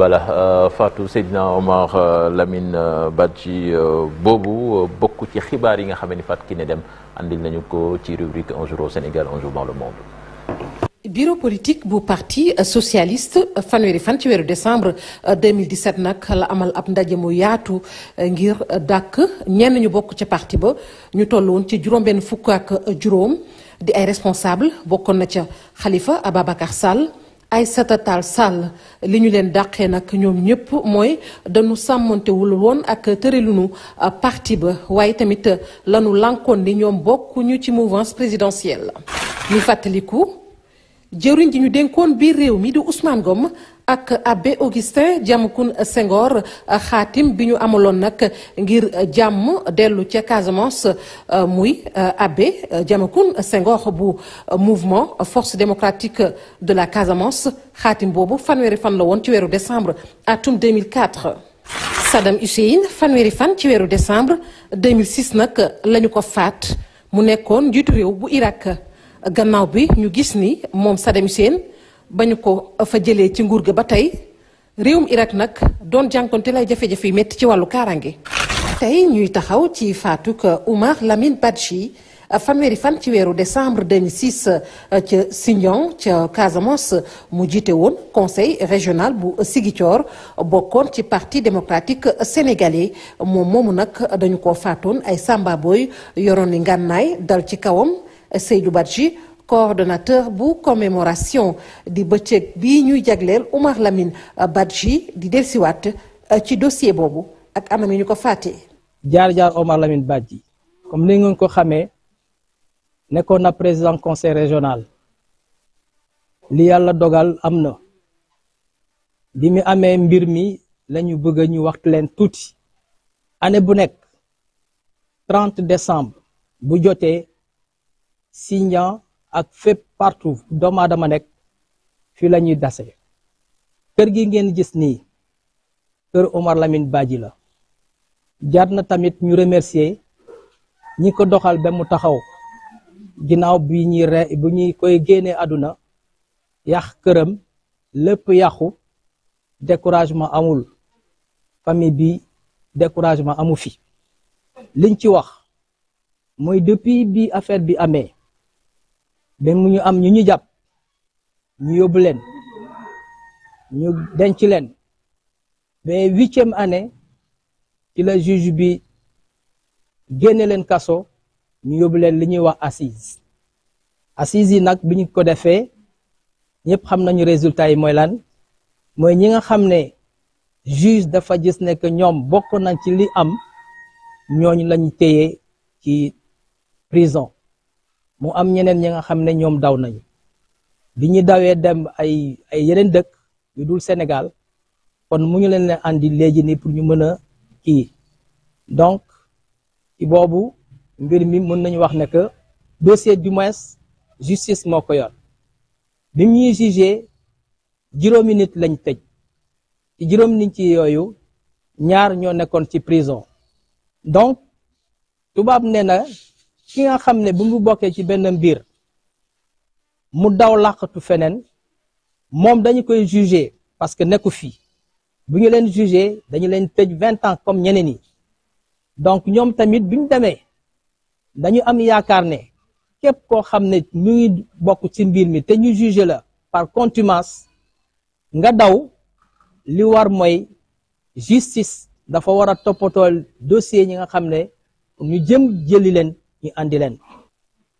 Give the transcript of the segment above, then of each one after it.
voilà euh, Fatou Seydina Omar euh, Lamine euh, Badji boobu bokk ci xibaar yi nga xam ne Fatou Kiné Deme andil nañu ko ci rubrique un bureau politique bu parti socialiste fanweeri fan ci weeru décembre 2017 nag la amal ab ndaje mu yaatu ngir dàkk ñenn ñu bokk ca parti ba ñu tolloon ci juróom-benn fukk ak juróom di ay responsable bokkoon na ca xalifa Ababacar Sall. ay Aïssata Tall Sall li ñu leen dàqee nag ñoom ñëpp mooy dañu sàmmantewul woon ak tëralinu euh, parti ba waaye tamit euh, lanu lànkoon ni ñoom bokk ñu ci mouvance présidentielle ñu fàttaliku jëriñ ji ñu dénkoon biir réew mi di Ousmane Ngom ak abbé Augustin Diamecoune Senghor xaatim bi ñu amaloon nag ngir jàmm dellu ca Casamance muy euh, abbé Diamecoune sengoor bu mouvement force démocratique de la Casamance xaatim boobu fanweeri fan la woon ci weeru décembre atum 2004. Saddam Hussein fanweeri fan ci weeru décembre 2006 nag lañu ko faat mu nekkoon njiitu réew bu Irak gannaaw bi ñu gis ni moom Saddam Hussein. bañu ko fa jëlee ci nguur gi ba tey réewum Irak nag doon jànkonte lay jafe-jafe yu métti ci wàllu kaaraange. tey ñuy taxaw ci faatuk uh, Oumar Lamine Badji uh, fanweeri fan ci weeru décembre 2006 uh, ca Sindian ca Casamance mu jiite woon conseil régional bu Ziguinchor bokkoon ci parti démocratique sénégalais moom moomu nag dañu ko faatoon ay sàmbaabooy yoroon ni ngànnaay dal ci kawam Seydou Badji coordonnateur bu commémoration di bëccëg bi ñuy jagleel Oumar Lamine euh, Badji di delsiwaat euh, ci dossier boobu ak anam yi ñu ko fàttee jaar-jaar Oumar Lamine Badji comme ni ngeen ko xamee nekkoon na président conseil régional li yàlla dogal am na bi mu amee mbir mi lañu bëgg ñu wax leen tuuti année bu nekk trent décembre bu jotee signan ak fépp partout doomu aadama nekk fii la ñuy dase kër gi ngeen gis nii kër Omar Lamine Badji la jaar na tamit ñu remercier ñi ko doxal ba mu taxaw ginnaaw bi ñuy koy génnee àdduna yàq këram lépp yàqu découragement amul famille bi découragement amul fi liñ ci wax mooy depuis bi affaire bi amee ba mu ñu am ñu ñu jàpp ñu yóbbu leen ñu denc leen ba huitième année ci juge bi génne leen kaso ñu yóbbu leen li ñuy wax assise assise yi nag bi ñu ko defee ñëpp xam nañu résultat yi mooy lan mooy ñi nga xam ne juge dafa gis ne que ñoom bokk nañ ci li am ñooñu lañu téyee ci prison mu am ñeneen ñi nga xam ne ñoom daw nañu bi ñu dawee dem ay ay yeneen dëkk yu dul Sénégal kon mu ñu leen andi léegi nii pour ñu mën a kii donc ci boobu mbir mi mën nañu wax ne que dossier du moins justice moo ko yor bi ñuy jugé juróomi nit lañ tëj ci juróomi nit ci yooyu ñaar ñoo nekkoon ci prison donc tubaab nee ci nga xam ne bu mu bokkee ci benn mbir mu daw làqatu feneen moom dañu koy juger parce que nekku fii bu ñu leen juger dañu leen tëj vingt ans comme ñeneen yi donc ñoom tamit bu ñu demee dañu am yaakaar ne képp koo xam ne ñu ngi bokk ci mbir mi te ñu juger la par contumace nga daw li war mooy justice dafa war a toppatool dossier ñi nga xam ne ñu jëm jëli leen ñu andi leen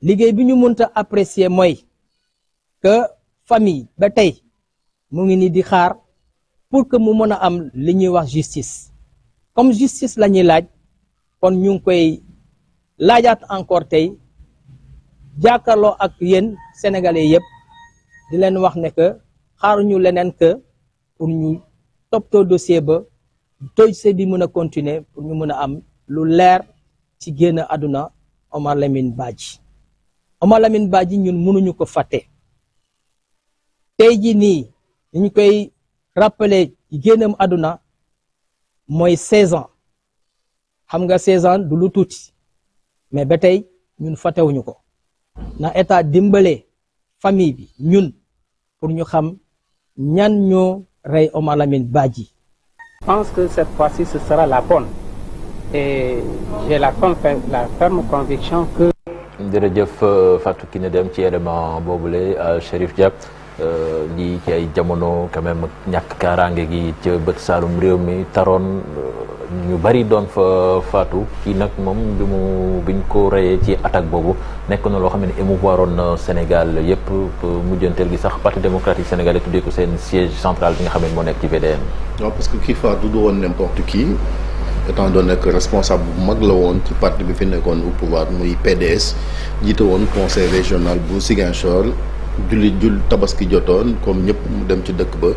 liggéey bi ñu mënta apprécier mooy que famille ba tey mu ngi nii di xaar pour que mu mën a am li ñuy wax justice comme justice lañuy laaj kon ñu ngi koy laajaat encore tey jàkkaarloo ak yéen sénégalais yëpp di leen wax ne que ñu leneen que pour ñu toppatoo dossier ba dossier bi mën a continuer pour ñu mën a am lu leer ci génn àdduna Omar Lamine Badji Omar Lamine ñun mënuñu ko fàtte te ji nii ñu koy rappeler génnam àdduna mooy 16 ans xam nga 16 ans du lu tuuti mais ba tey ñun fàttewuñu ko na état dimbale famille bi ñun pour ñu xam ñan ñoo rey Omar Lamine Badji. Je pense que cette fois-ci ce sera la bonne. et j'ai la la ferme conviction que. jërëjëf euh, Fatou Kiné Deme ci élément boobule euh, Chérif Dia euh, lii ci ay jamono quand même kaaraange gi ca bët saalum réew mi taroon ñu bari doon fa faatu kii nag moom bi mu biñ ko reyee ci attaque boobu nekk na loo xam ne émouvoir woon Sénégal yépp mujjanteel gi sax parti démocratique sénégalais tuddee ko seen siège central bi nga xam ne moo nekk ci VDN. non parce que kii faatu du woon n'importe qui. étant donné que responsable bu mag la woon ci parti bi fi nekkoon au pouvoir muy PDS jiite woon conseil régional bu Ziguinchor julli jul tabaski jotoon comme ñëpp mu dem ci dëkk ba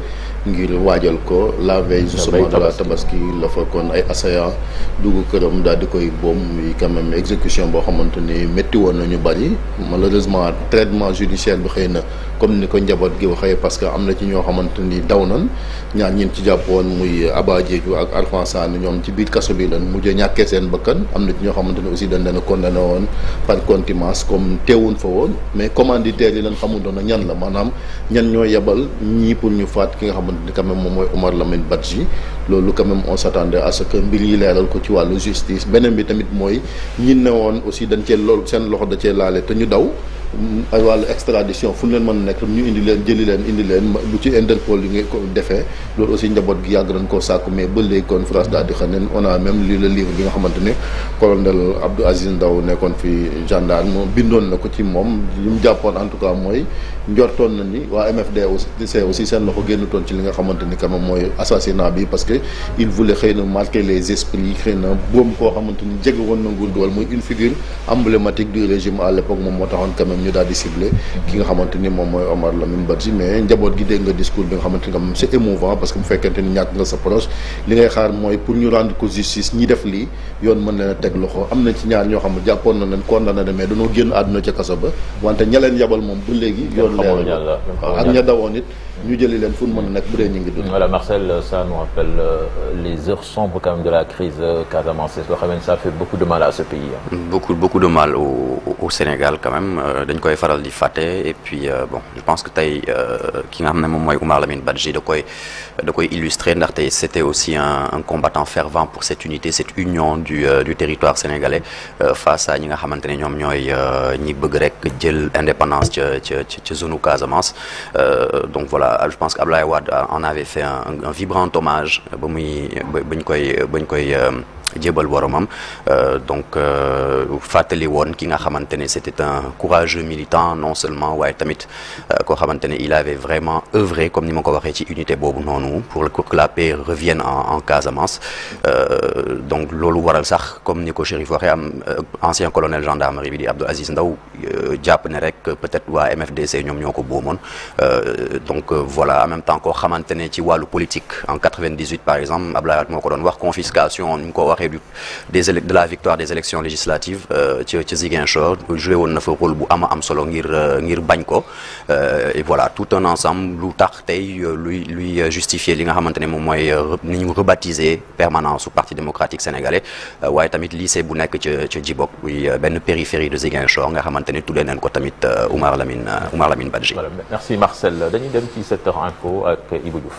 ngir waajal ko la veille justement de la tabaski la fa kon ay assaillants dugg këram daal di koy boom muy quand même exécution boo xamante ni métti woon nañu bari malheureusement traitement judiciaire bi xëy na comme ni ko njaboot gi waxee parce que am na ci ñoo xamante ni daw nan ñaar ñin ci jàpp jàppoon muy Aba Diédhiou ak Alpha Sane ñoom ci biir kaso bii lan mujjee ñàkkee seen bakkan am na ci ñoo xamante ni aussi dañ leen a condamné woon woon mais commanditaire yi lan Maradona ñan la maanaam ñan ñoo yebal ñii pour ñu faat ki nga xamante ni quand même moom mooy Omar Lamine Badji loolu quand même on s'attendait à que mbir yi leeral ko ci wàllu justice beneen bi tamit mooy ñi ne woon aussi dañ cee lool seen loxo da cee laale te ñu daw ay wàllu extradition fu ñu leen mën a nekk ñu indi leen jëli leen indi leen bu ci Interpol yi nga ko defee loolu aussi njaboot gi yàgg nañ koo sàkku mais ba léegi France daal di xam ne on a même lu le livre bi nga xamante ni colonel Aziz Ndaw nekkoon fi gendarme bindoon na ko ci moom li mu jàppoon en tout cas mooy njortoon na ni waa MFD aussi aussi seen loxo génnutoon ci li nga xamante ni quand même mooy assassinat bi parce que il voulait xëy na marquer les esprits na boom koo xamante moo taxoon quand ñu daal di ciblé ki nga xamante ni moom mooy Omar Lamine Badji mais njaboot gi dégg nga discours bi nga xamante ni moom c'est émouvant parce que bu fekkente ni ñàkk nga sa proche li ngay xaar mooy pour ñu rendre ko justice ñi def lii yoon mën na teg loxo am na ci ñaar ñoo xam ne jàppoon na leen condamné na mais dañoo génn àdduna ca kaso ba wante ña leen yabal moom ba léegi yoon leeral ak ña dawoon it ñu jëli leen fu mu mën a nekk bu dee ñu ngi dund. voilà Marcel ça nous rappelle euh, les heures sombres quand même de la crise casamançaise loo xam ne de mal à ce beaucoup de mal au Sénégal quand même euh, dañ koy faral di fàtte et puis euh, bon je pense que tey ki nga xam ne moom mooy Oumar Lamine Badji da koy da koy illustrer ndaxte c' était aussi un un combattant fervent pour cette unité cette union du du territoire sénégalais face à ñi nga xamante ne ñoom ñooy ñi bëgg rek jël indépendance ca ca ca Euh, je pense que Abdoulaye Wade en avait fait un, un vibrant hommage ba muy ba ñu koy ba ñu koy euh, jébal boromam euh, donc euh, fàttali woon ki nga xamante ne c'était un courageux militant non seulement waaye tamit euh, koo xamante ne il avait vraiment comme ni ma ko waxee ci unité boobu noonu pour que la paix revienne en en Casamance donc loolu waral sax comme ni ko Chérif waxee am ancien colonel gendarmerie bi di Aziz Ndaw jàpp ne peut-être waa MFDC ñoom ñoo ko boomoon donc voilà en même temps koo xamante ci wàllu politique en 98 par exemple Abdoulaye Wade moo ko doon confiscation ni mu waxee du des de la victoire des élections législatives euh, ci ci Ziguinchor woon na fa rôle ama am solo ngir euh, ngir bañ ko euh, et voilà tout un ensemble lu tax tey luy luy justifier li nga xamante ne moom mooy ni ñu rebaptiser permanence su parti démocratique sénégalais waaye tamit li bu nekk ca ca Djibok buy benn périphérie de Ziguinchor nga xamante ne tuddee nañ ko tamit Oumar Lamine Oumar Lamine Badji. voilà merci Marcel dañuy dem ci 7h info ak Ibou